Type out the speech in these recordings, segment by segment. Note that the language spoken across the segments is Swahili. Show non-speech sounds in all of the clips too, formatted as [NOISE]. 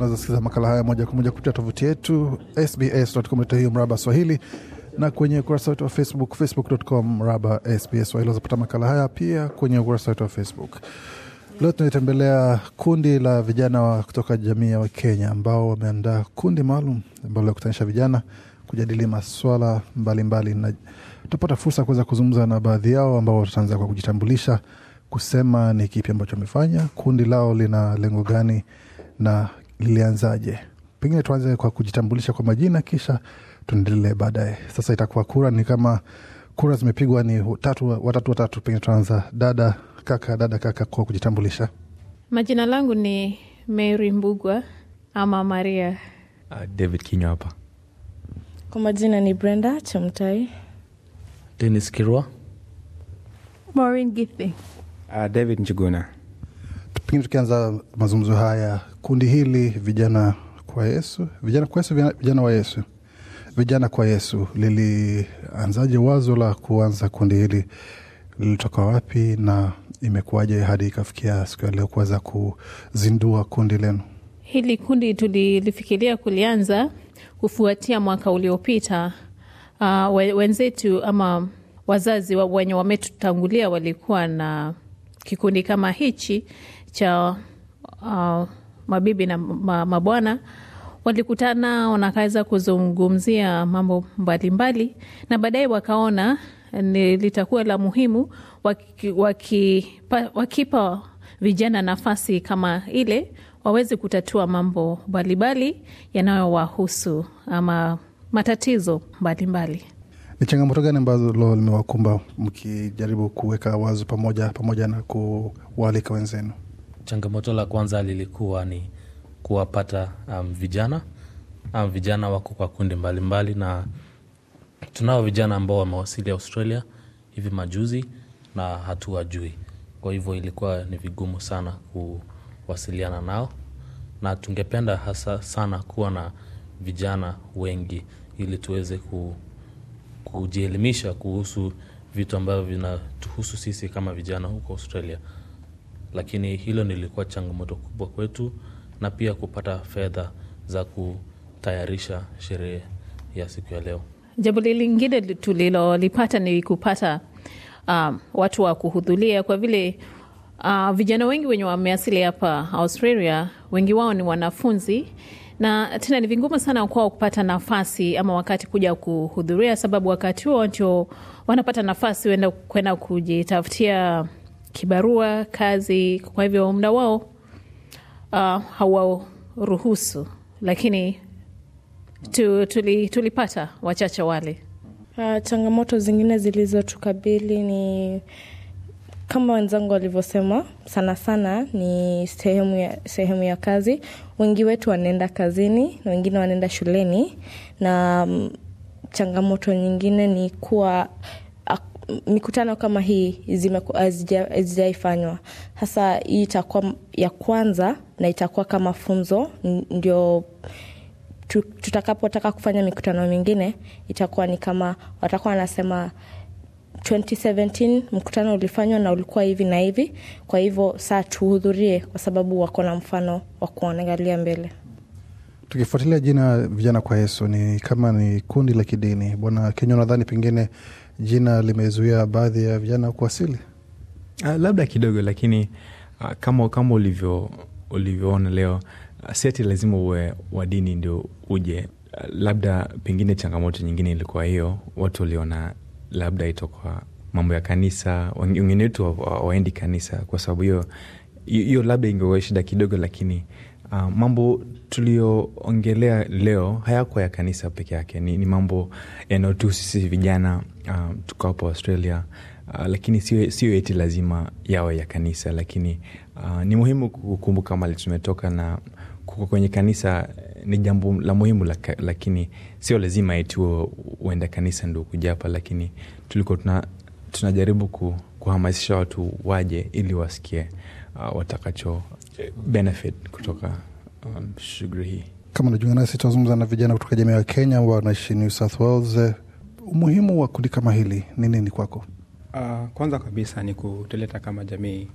Unaweza kusikiliza makala haya moja kwa moja kupitia tovuti yetu sbs.com.au mraba Swahili na kwenye ukurasa wetu wa Facebook, facebook.com mraba SBS Swahili. Wazapata makala haya pia kwenye ukurasa wetu wa Facebook. Leo tunaitembelea kundi la vijana wa kutoka jamii ya Wakenya ambao wameandaa kundi maalum ambalo lakutanisha vijana kujadili maswala mbalimbali mbali, na tutapata fursa ya kuweza kuzungumza na baadhi yao ambao wataanza kwa kujitambulisha, kusema ni kipi ambacho wamefanya, kundi lao lina lengo gani na lilianzaje? Pengine tuanze kwa kujitambulisha kwa majina, kisha tuendelee baadaye. Sasa itakuwa kura ni kama kura zimepigwa ni tatu, watatu, watatu. Pengine tunaanza dada kaka, dada kaka, kwa kujitambulisha. Majina langu ni Mary Mbugwa ama Maria. Uh, David Kinyo hapa. Kwa majina ni Brenda Chamtai. Denis Kirwa. Maureen Githi. Uh, ah, David Njuguna. Pengine tukianza mazungumzo haya kundi hili vijana kwa Yesu, vijana kwa Yesu, vijana wa Yesu, vijana kwa Yesu lilianzaje? Wazo la kuanza kundi hili lilitoka wapi na imekuwaje hadi ikafikia siku ya leo kuweza kuzindua kundi lenu? Hili kundi tulilifikiria kulianza kufuatia mwaka uliopita. Uh, wenzetu ama wazazi wenye wametutangulia walikuwa na kikundi kama hichi cha uh, mabibi na mabwana walikutana wanakaweza kuzungumzia mambo mbalimbali mbali, na baadaye wakaona eh, ni litakuwa la muhimu waki, waki, wakipa vijana nafasi kama ile waweze kutatua mambo mbalimbali yanayowahusu ama matatizo mbalimbali. Ni changamoto gani ambazo limewakumba mkijaribu kuweka wazo pamoja pamoja na kuwaalika wenzenu? Changamoto la kwanza lilikuwa ni kuwapata um, vijana um, vijana wako kwa kundi mbalimbali mbali, na tunao vijana ambao wamewasili Australia hivi majuzi na hatuwajui, kwa hivyo ilikuwa ni vigumu sana kuwasiliana nao, na tungependa hasa sana kuwa na vijana wengi ili tuweze ku, kujielimisha kuhusu vitu ambavyo vinatuhusu sisi kama vijana huko Australia lakini hilo nilikuwa changamoto kubwa kwetu na pia kupata fedha za kutayarisha sherehe ya siku ya leo. Jambo lingine tulilolipata ni kupata um, watu wa kuhudhuria kwa vile uh, vijana wengi wenye wameasili hapa Australia, wengi wao ni wanafunzi na tena ni vingumu sana kwao kupata nafasi ama wakati kuja kuhudhuria, sababu wakati huo ndio wanapata nafasi kwenda kujitafutia kibarua kazi, kwa hivyo muda wao uh, hawaruhusu, lakini tu, tuli, tulipata wachache wale. Uh, changamoto zingine zilizotukabili ni kama wenzangu walivyosema, sana sana ni sehemu ya, sehemu ya kazi. Wengi wetu wanaenda kazini na wengine wanaenda shuleni, na mm, changamoto nyingine ni kuwa mikutano kama hii hazijaifanywa, hasa hii itakuwa ya kwanza na itakuwa kama funzo, ndio tutakapotaka kufanya mikutano mingine itakuwa ni kama watakuwa wanasema 2017 mkutano ulifanywa na ulikuwa hivi na hivi, kwa hivyo saa tuhudhurie, kwa sababu wako na mfano wa kuonegalia mbele. Tukifuatilia jina Vijana kwa Yesu, ni kama ni kundi la kidini. Bwana Kenya, nadhani pengine jina limezuia baadhi ya vijana kuwasili? Uh, labda kidogo, lakini uh, kama kama ulivyo ulivyoona leo uh, ah, seti lazima uwe wa dini ndio uje. Uh, labda pengine changamoto nyingine ilikuwa hiyo, watu waliona labda itokwa mambo ya kanisa, wengine wetu waendi kanisa kwa sababu hiyo hiyo, labda ingekuwa shida kidogo, lakini Uh, mambo tuliyoongelea leo hayakuwa ya kanisa peke yake, ni, ni mambo yanayotuhusu sisi vijana uh, tuko hapo Australia uh, lakini sio eti lazima yawe ya kanisa, lakini uh, ni muhimu kukumbuka mali tumetoka na kuko kwenye kanisa eh, ni jambo la muhimu laka, lakini sio lazima eti uenda kanisa ndo hapa, lakini tuliko tuna, tunajaribu kuhamasisha watu waje ili wasikie uh, watakacho benefit kutoka um, shughuli hii. Kama unajunga nasi, tunazungumza na vijana kutoka jamii ya Kenya ambao wanaishi New South Wales. Umuhimu wa kundi kama hili ni nini kwako? Uh, kwanza kabisa ni kutuleta kama jamii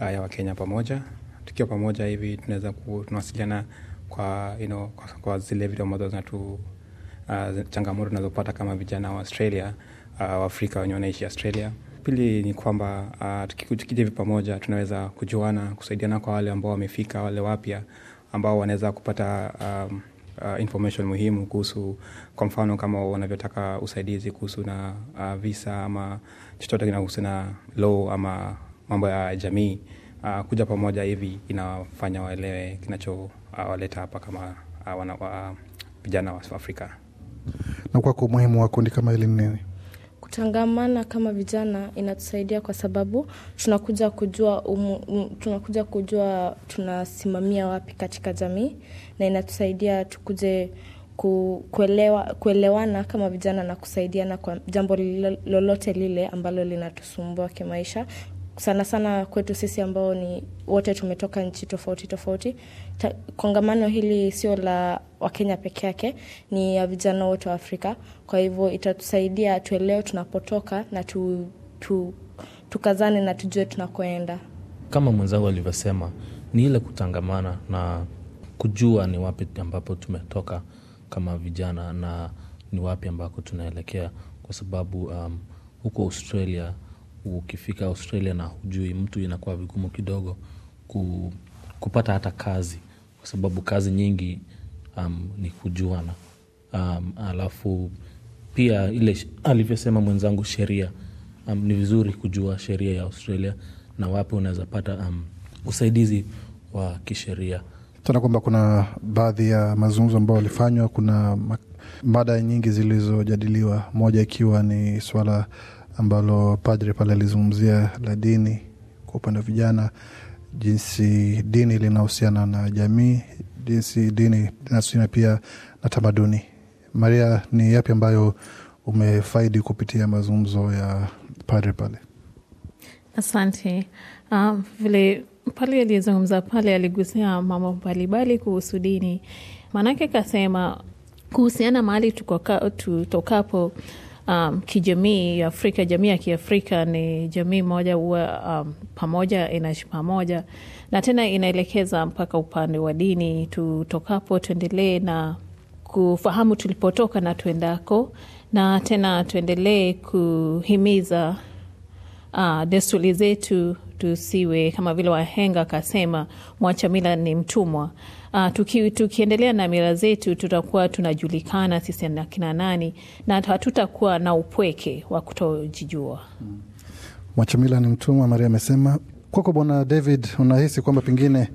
uh, ya Wakenya pamoja. Tukiwa pamoja hivi tunaweza tunawasiliana kwa, you know, kwa, kwa zile vitu ambazo zinatu uh, changamoto tunazopata kama vijana wa Australia, uh, Waafrika wenye wanaishi Australia pili ni kwamba uh, ah, tukija hivi pamoja tunaweza kujuana, kusaidiana kwa wale ambao wamefika, wale wapya ambao wanaweza kupata um, uh, information muhimu kuhusu, kwa mfano kama wanavyotaka usaidizi kuhusu na uh, visa ama chochote kinahusu na law ama mambo ya jamii. Uh, kuja pamoja hivi inawafanya waelewe kinachowaleta uh, hapa kama uh, wana, uh, vijana wa Afrika. Na kwako umuhimu wa kundi kama hili ni nini? Kutangamana kama vijana inatusaidia kwa sababu tunakuja kujua umu, tunakuja kujua tunasimamia wapi katika jamii na inatusaidia tukuje kuelewa, kuelewana kama vijana na kusaidiana kwa jambo lolote lile ambalo linatusumbua kimaisha sana sana kwetu sisi ambao ni wote tumetoka nchi tofauti tofauti. Ta, kongamano hili sio la Wakenya peke yake, ni ya vijana wote wa Afrika. Kwa hivyo itatusaidia tuelewe tunapotoka na tu, tu, tukazane na tujue tunakoenda. Kama mwenzangu alivyosema, ni ile kutangamana na kujua ni wapi ambapo tumetoka kama vijana na ni wapi ambako tunaelekea, kwa sababu um, huko Australia ukifika Australia na hujui mtu, inakuwa vigumu kidogo ku, kupata hata kazi, kwa sababu kazi nyingi um, ni kujuana. Um, alafu pia ile alivyosema mwenzangu sheria um, ni vizuri kujua sheria ya Australia na wapi unaweza pata um, usaidizi wa kisheria. Tena kwamba kuna baadhi ya mazungumzo ambayo walifanywa, kuna mada nyingi zilizojadiliwa, moja ikiwa ni swala ambalo padre pale alizungumzia la dini kwa upande wa vijana, jinsi dini linahusiana na jamii, jinsi dini linahusiana pia na tamaduni. Maria, ni yapi ambayo umefaidi kupitia mazungumzo ya padre pale? Asante. Uh, vile pale aliyezungumza pale aligusia mambo mbalimbali kuhusu dini, maanake akasema kuhusiana mahali tutokapo um, kijamii ya Afrika, jamii ya Kiafrika ni jamii moja huwa um, pamoja, inaishi pamoja na tena inaelekeza mpaka upande wa dini. Tutokapo tuendelee na kufahamu tulipotoka na tuendako, na tena tuendelee kuhimiza uh, desturi zetu tusiwe kama vile wahenga akasema mwacha mila ni mtumwa. Uh, tuki, tukiendelea na mila zetu tutakuwa tunajulikana sisi na kina nani na hatutakuwa na upweke wa kutojijua. Hmm. Mwacha mila ni mtumwa, Maria amesema. Kwako Bwana David, unahisi kwamba pengine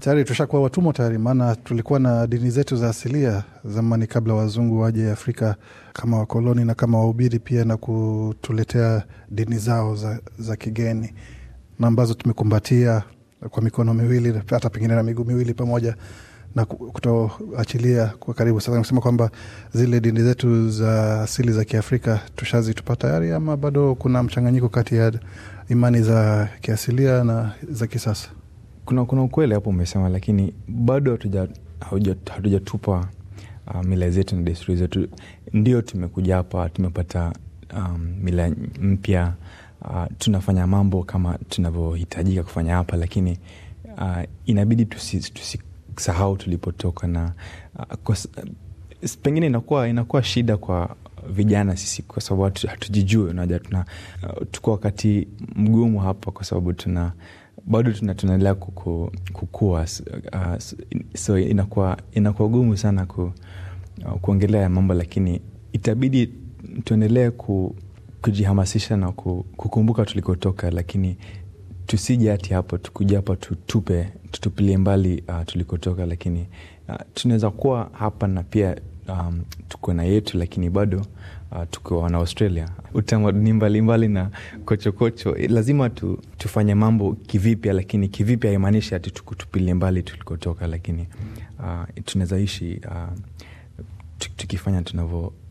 tayari tushakuwa watumwa tayari? Maana tulikuwa na dini zetu za asilia zamani kabla wazungu waje Afrika kama wakoloni na kama wahubiri pia na kutuletea dini zao za, za kigeni na ambazo tumekumbatia kwa mikono miwili hata pengine na miguu miwili pamoja na kutoachilia kwa karibu. Sasa kusema kwamba zile dini zetu za asili za Kiafrika tushazitupa tayari, ama bado kuna mchanganyiko kati ya imani za kiasilia na za kisasa? Kuna, kuna ukweli hapo umesema, lakini bado hatujatupa uh, mila zetu na desturi zetu. Ndio tumekuja hapa, tumepata um, mila mpya uh, tunafanya mambo kama tunavyohitajika kufanya hapa, lakini uh, inabidi tusisahau tusi tulipotoka na uh, uh, pengine inakuwa, inakuwa shida kwa vijana sisi kwa sababu hatujijui, unaja tuna uh, tuko wakati mgumu hapa kwa sababu tuna bado tunaendelea kukua uh, so inakuwa inakuwa gumu sana ku, uh, kuongelea mambo lakini itabidi tuendelee ku, kujihamasisha na ku, kukumbuka tulikotoka lakini tusije hati hapo tukuja hapa tutupe tutupilie mbali uh, tulikotoka lakini uh, tunaweza kuwa hapa na pia um, tuko na yetu lakini bado uh, tuko na Australia, utamaduni mbalimbali na kochokocho kocho. Eh, lazima tu, tufanye mambo kivipya, lakini kivipya haimaanishi hati tukutupilie mbali tulikotoka, lakini uh, tunawezaishi uh, tukifanya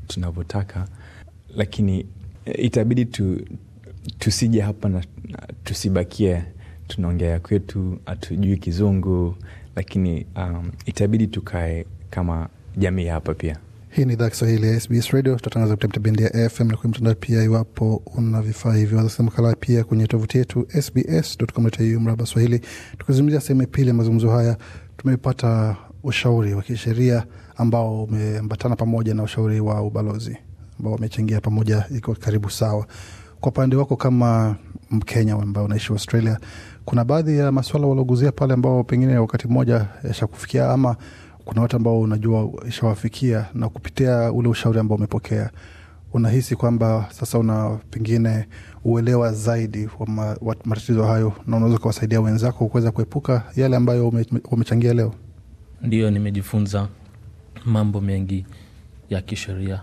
tunavyotaka, lakini eh, itabidi tu, tusije hapa na tusibakie tunaongea kwetu, hatujui Kizungu, lakini um, itabidi tukae kama jamii hapa pia. Hii ni idhaa Kiswahili ya SBS Radio, tutatangaza kupitia mitabendi ya FM na kwenye mtandao pia. Iwapo una vifaa hivyo, wazasa makala pia kwenye tovuti yetu sbs.com.au mraba Swahili. Tukizungumzia sehemu ya pili ya mazungumzo haya, tumepata ushauri wa kisheria ambao umeambatana pamoja na ushauri wa ubalozi ambao wamechangia pamoja, iko karibu sawa. Kwa upande wako kama Mkenya ambaye unaishi Australia, kuna baadhi ya maswala walioguzia pale ambao pengine wakati mmoja yashakufikia ama kuna watu ambao unajua ishawafikia na kupitia ule ushauri ambao umepokea unahisi kwamba sasa una pengine uelewa zaidi wa, matatizo hayo na unaweza ukawasaidia wenzako kuweza kuepuka yale ambayo wamechangia leo? Ndiyo, nimejifunza mambo mengi ya kisheria.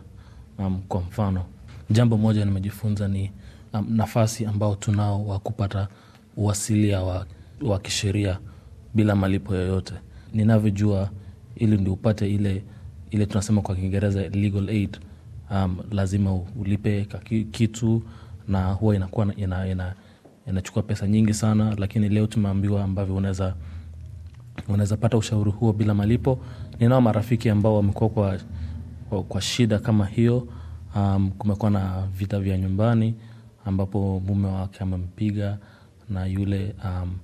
Um, kwa mfano jambo moja nimejifunza ni um, nafasi ambao tunao wa kupata uwasilia wa, wa kisheria bila malipo yoyote. Ninavyojua ili ndio upate ile ile tunasema kwa Kiingereza legal aid um, lazima ulipe kitu na huwa inakuwa ina, ina, inachukua pesa nyingi sana, lakini leo tumeambiwa ambavyo unaweza unaweza pata ushauri huo bila malipo. Ninao marafiki ambao wamekuwa kwa, kwa, kwa shida kama hiyo. Um, kumekuwa na vita vya nyumbani ambapo mume wake amempiga na yule um,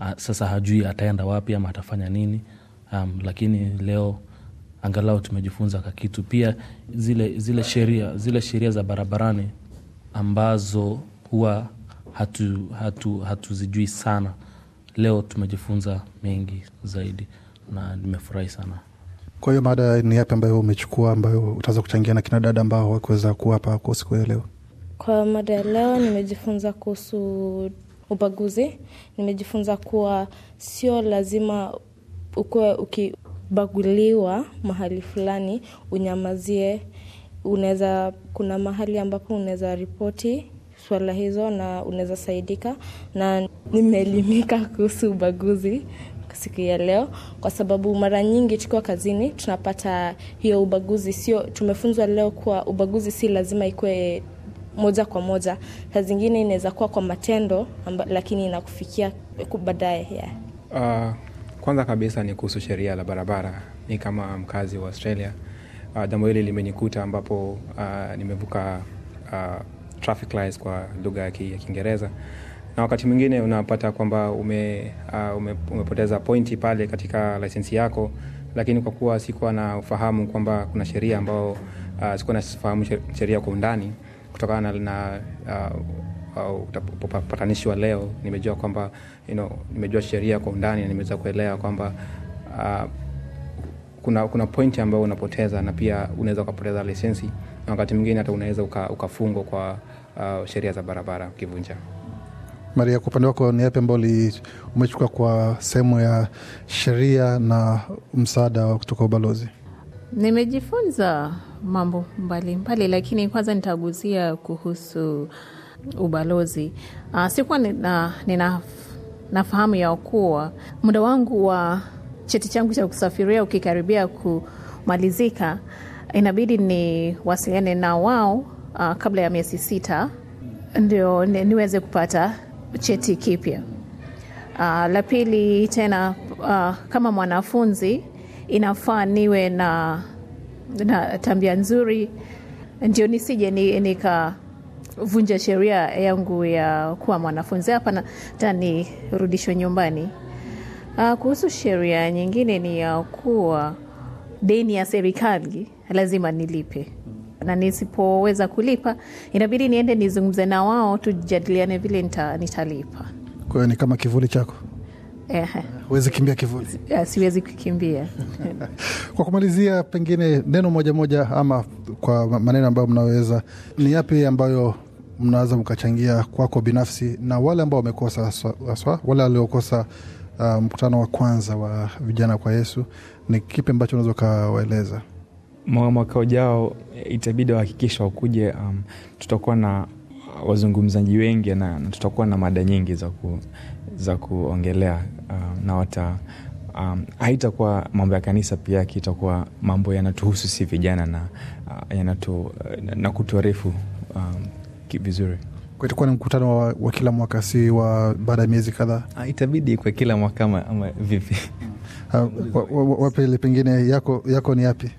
a, sasa hajui ataenda wapi ama atafanya nini um, lakini leo angalau tumejifunza ka kitu Pia zile zile sheria zile sheria za barabarani ambazo huwa hatu hatuzijui hatu sana, leo tumejifunza mengi zaidi na nimefurahi sana. Kwa hiyo mada ni yapi ambayo umechukua ambayo utaweza kuchangia na kina dada ambao wakuweza kuwa hapa kwa siku ya leo? Kwa mada ya leo nimejifunza kuhusu ubaguzi. Nimejifunza kuwa sio lazima ukuwa ukibaguliwa mahali fulani unyamazie. Unaweza, kuna mahali ambapo unaweza ripoti swala hizo na unaweza saidika, na nimeelimika [LAUGHS] kuhusu ubaguzi siku ya leo, kwa sababu mara nyingi tukiwa kazini tunapata hiyo ubaguzi. Sio, tumefunzwa leo kuwa ubaguzi si lazima ikuwe moja kwa moja, saa zingine inaweza kuwa kwa matendo amba, lakini inakufikia baadaye yeah. uh... Kwanza kabisa ni kuhusu sheria la barabara. Ni kama mkazi wa Australia, uh, jambo hili limenikuta ambapo uh, nimevuka uh, traffic lights kwa lugha ya Kiingereza na wakati mwingine unapata kwamba ume, uh, ume, umepoteza pointi pale katika lisensi yako, lakini kwa kuwa sikuwa na ufahamu kwamba kuna sheria ambao uh, sikuwa nafahamu sheria kwa undani kutokana na, na uh, au utapatanishwa wa leo nimejua kwamba you know, nimejua sheria kwa undani na nimeweza kuelewa kwamba uh, kuna, kuna pointi ambayo unapoteza na pia unaweza ukapoteza lisensi na wakati mwingine hata unaweza ukafungwa kwa uh, sheria za barabara ukivunja. Maria, kwa upande wako ni yapi ambao umechukua kwa sehemu ya sheria na msaada kutoka ubalozi? Nimejifunza mambo mbalimbali mbali, lakini kwanza nitaguzia kuhusu ubalozi. Uh, sikuwa nina, nina, nafahamu ya kuwa muda wangu wa cheti changu cha kusafiria ukikaribia kumalizika, inabidi ni wasiliane na wao uh, kabla ya miezi sita ndio ni, niweze kupata cheti kipya. Uh, la pili tena, uh, kama mwanafunzi inafaa niwe na, na tabia nzuri, ndio nisije nika vunja sheria yangu ya kuwa mwanafunzi hapa na tanirudishwe nyumbani. Uh, kuhusu sheria nyingine ni ya kuwa deni ya serikali lazima nilipe, na nisipoweza kulipa inabidi niende nizungumze na wao, tujadiliane vile nita, nitalipa. Kwa hiyo ni kama kivuli chako huwezi kimbia kivuli. Eh, siwezi kukimbia. [LAUGHS] Kwa kumalizia, pengine neno moja moja ama kwa maneno ambayo mnaweza, ni yapi ambayo mnaweza mkachangia kwako binafsi na wale ambao wamekosa haswa, wale waliokosa uh, mkutano wa kwanza wa vijana kwa Yesu, ni kipi ambacho unaweza ukawaeleza? Mwaka ujao eh, itabidi wahakikisha wakuje. Um, tutakuwa na wazungumzaji wengi na, na tutakuwa na mada nyingi za ku za kuongelea uh, na wata um, haitakuwa mambo ya kanisa pia yake, itakuwa mambo yanatuhusu si vijana na uh, yanatu, na kutuarifu um, vizuri itakuwa ni mkutano wa, wa kila mwaka si wa baada ya miezi kadhaa ah, itabidi kwa kila mwaka ama, ama vipi [LAUGHS] ah, wapili pengine yako, yako ni yapi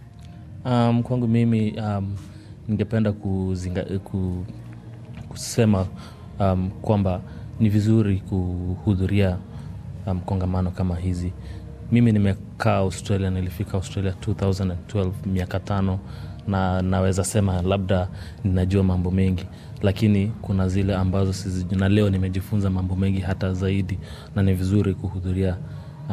um, kwangu mimi um, ningependa kusema um, kwamba ni vizuri kuhudhuria mkongamano um, kama hizi mimi nimekaa australia nilifika australia 2012 miaka tano na naweza sema labda ninajua mambo mengi lakini kuna zile ambazo sizijui na leo nimejifunza mambo mengi hata zaidi na ni vizuri kuhudhuria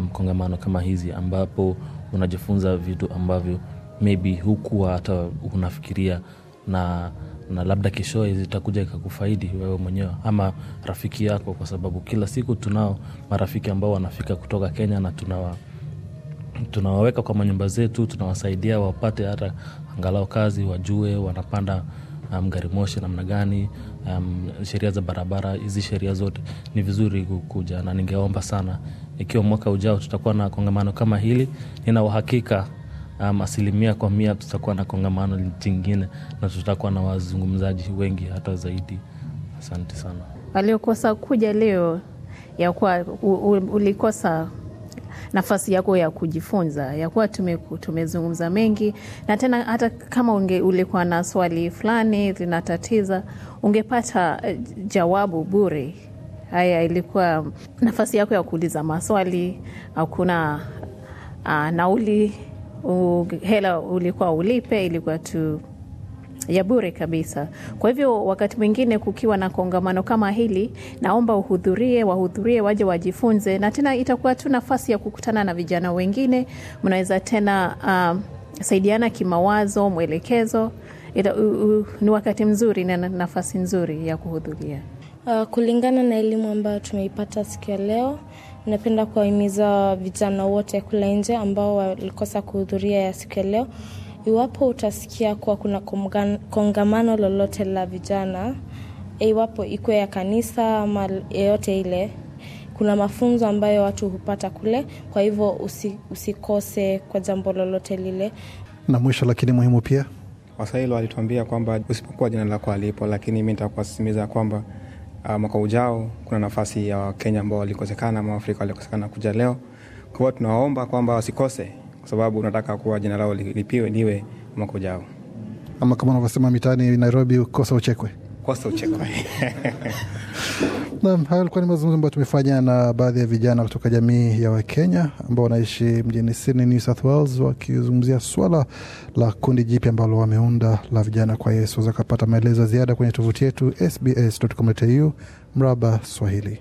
mkongamano um, kama hizi ambapo unajifunza vitu ambavyo maybe hukuwa hata unafikiria na na labda kesho zitakuja ikakufaidi wewe mwenyewe ama rafiki yako, kwa sababu kila siku tunao marafiki ambao wanafika kutoka Kenya na tunawa tunawaweka kwa manyumba zetu, tunawasaidia wapate hata angalau kazi, wajue wanapanda um, gari moshi namna gani, um, sheria za barabara. Hizi sheria zote ni vizuri kukuja, na ningeomba sana, ikiwa mwaka ujao tutakuwa na kongamano kama hili, nina uhakika um, asilimia kwa mia tutakuwa na kongamano jingine na tutakuwa na wazungumzaji wengi hata zaidi. Asante sana waliokosa kuja leo, yakuwa ulikosa nafasi yako ya kujifunza, yakuwa tumezungumza mengi, na tena hata kama unge, ulikuwa na swali fulani linatatiza ungepata eh, jawabu bure. Haya, ilikuwa nafasi yako ya kuuliza maswali, hakuna ah, nauli hela ulikuwa ulipe, ilikuwa tu ya bure kabisa. Kwa hivyo wakati mwingine kukiwa na kongamano kama hili, naomba uhudhurie, wahudhurie, waje wajifunze, na tena itakuwa tu nafasi ya kukutana na vijana wengine. Mnaweza tena uh, saidiana kimawazo, mwelekezo. Ita, u, u, ni wakati mzuri na nafasi nzuri ya kuhudhuria. Uh, kulingana na elimu ambayo tumeipata siku ya leo Napenda kuwahimiza vijana wote kule nje ambao walikosa kuhudhuria ya siku ya leo. Iwapo utasikia kuwa kuna kongamano lolote la vijana, iwapo ikwe ya kanisa ama yeyote ile, kuna mafunzo ambayo watu hupata kule, kwa hivyo usi, usikose kwa jambo lolote lile. Na mwisho lakini muhimu pia, Waswahili walituambia kwamba usipokuwa jina lako alipo, lakini mi nitakuwasisimiza kwamba Ah, mwaka ujao kuna nafasi ya Wakenya ambao walikosekana ama Waafrika walikosekana kuja leo. Kwa hiyo tunawaomba kwamba wasikose, kwa sababu unataka kuwa jina lao lipiwe liwe mwaka ujao, ama kama unavyosema mitaani Nairobi, ukosa uchekwe unakosa uchekwai [LAUGHS] Naam, hayo alikuwa ni mazungumzo ambayo tumefanya na baadhi ya vijana kutoka jamii ya Wakenya ambao wanaishi mjini Sydney, New South Wales, wakizungumzia swala la kundi jipya ambalo wameunda la vijana kwa Yesu. Waweza kupata maelezo ya ziada kwenye tovuti yetu sbs.com.au mraba Swahili.